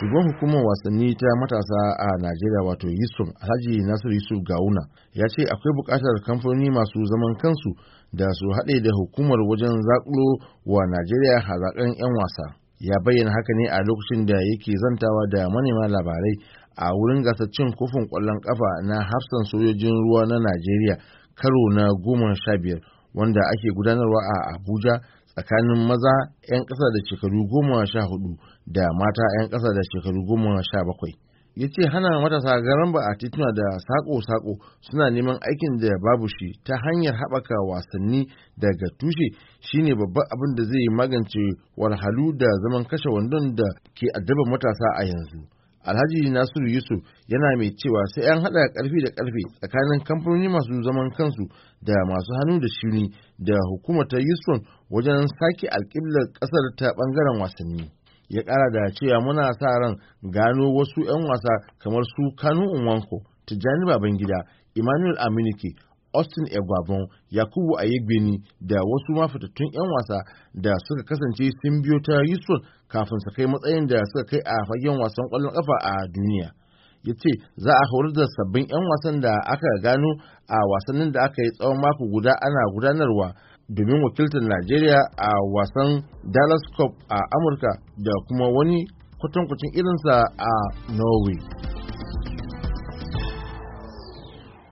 shugaban hukumar wasanni ta matasa a najeriya wato yusuf alhaji nasiru yusuf gawuna ya ce akwai buƙatar kamfanoni masu zaman kansu da su haɗe da hukumar wajen zaƙulo wa najeriya hazaƙan 'yan wasa ya bayyana haka ne a lokacin da yake zantawa da manema labarai a wurin gasar cin kofin ƙwallon ƙafa na hafsan sojojin ruwa na najeriya karo na goma sha biyar wanda ake gudanarwa a abuja tsakanin maza 'yan ƙasa da shekaru goma sha hudu da mata 'yan ƙasa da shekaru goma sha bakwai. ya ce hana matasa garamba a tituna da sako-sako suna neman aikin da babu shi ta hanyar haɓaka wasanni daga tushe shine babban abin da zai magance walhalu da zaman kashe wandon da ke addaban matasa a yanzu. alhaji nasiru yusuf yana mai cewa sai an haɗa ƙarfe da ƙarfe tsakanin kamfanoni masu zaman kansu da masu hannu da shuni da hukumar ta yusuf wajen sake alƙiblar ƙasar ta ɓangaren wasanni ya ƙara da cewa muna sa ran gano wasu 'yan wasa kamar su kanu unwanko tijjani babangida emmanuel aminike Austin Egwabon, Yakubu Ayegbeni da wasu mafitattun 'yan wasa da suka kasance sun biyo ta Yusuf kafin su kai matsayin da suka kai a fagen wasan ƙwallon ƙafa a duniya. Ya ce za a horar da sabbin 'yan wasan da aka gano a wasannin da aka yi tsawon mako guda ana gudanarwa domin wakiltar Najeriya a wasan Dallas Cup a Amurka da kuma wani kwatankwacin irinsa a Norway.